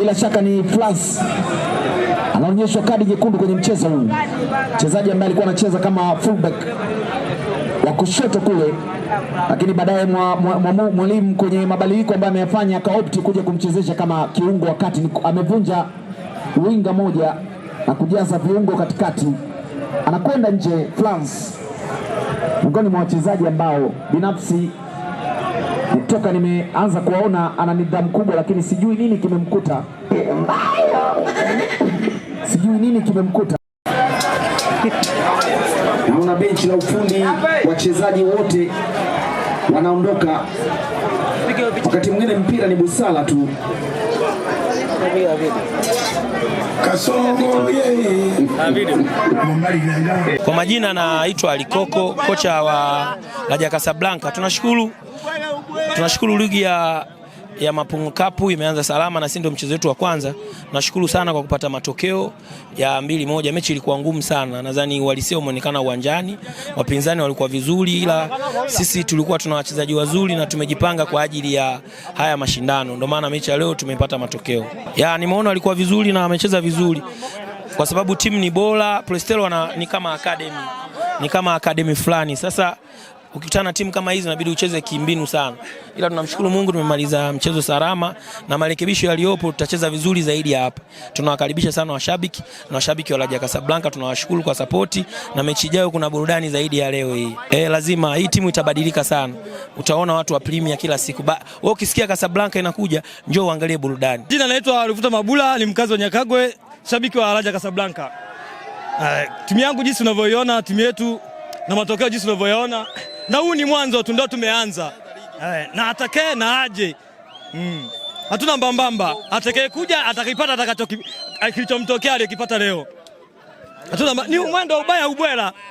bila shaka ni France anaonyeshwa kadi nyekundu kwenye mchezo huu, mchezaji ambaye alikuwa anacheza kama fullback wa kushoto kule, lakini baadaye mwalimu kwenye mabadiliko ambayo ameyafanya akaopti kuja kumchezesha kama kiungo wa kati. Amevunja winga moja na kujaza viungo katikati, anakwenda nje. France miongoni mwa wachezaji ambao binafsi toka nimeanza kuwaona ana nidhamu kubwa, lakini sijui nini kimemkuta, sijui nini kimemkuta. Naona benchi la ufundi, wachezaji wote wanaondoka. Wakati mwingine mpira ni busara tu. Kwa majina anaitwa Alikoko, kocha wa Raja Casablanca. Tunashukuru Tunashukuru ligi ya ya Mapungu Cup imeanza salama na sisi ndio mchezo wetu wa kwanza. Nashukuru sana kwa kupata matokeo ya mbili moja. Mechi ilikuwa ngumu sana, nadhani uhalisia umeonekana uwanjani, wapinzani walikuwa vizuri, ila sisi tulikuwa tuna wachezaji wazuri na tumejipanga kwa ajili ya haya mashindano, ndio maana mechi ya leo tumepata matokeo ya, nimeona walikuwa vizuri na wamecheza vizuri kwa sababu timu ni bora. Prestel ni kama academy ni kama academy fulani sasa ukikutana na timu kama hizi inabidi ucheze kimbinu sana, ila tunamshukuru Mungu tumemaliza mchezo salama na marekebisho yaliyopo, tutacheza vizuri zaidi hapa. Tunawakaribisha sana washabiki na washabiki wa Raja Casablanca, tunawashukuru kwa sapoti, na mechi ijayo kuna burudani zaidi ya leo hii. E, lazima hii timu itabadilika sana, utaona watu wa Premier kila siku. Wewe ukisikia Casablanca inakuja, njoo uangalie burudani. Jina naitwa Rufuta Mabula, ni mkazi wa Nyakagwe, shabiki wa Raja Casablanca. Uh, timu yangu jinsi unavyoiona timu yetu na matokeo jinsi unavyoiona na huu ni mwanzo tu, ndio tumeanza eh, na atakaye na aje mm. Hatuna mbambamba, atakaye kuja atakipata atakacho kilichomtokea aliyokipata leo. Hatuna ni mwendo ubaya ubwela.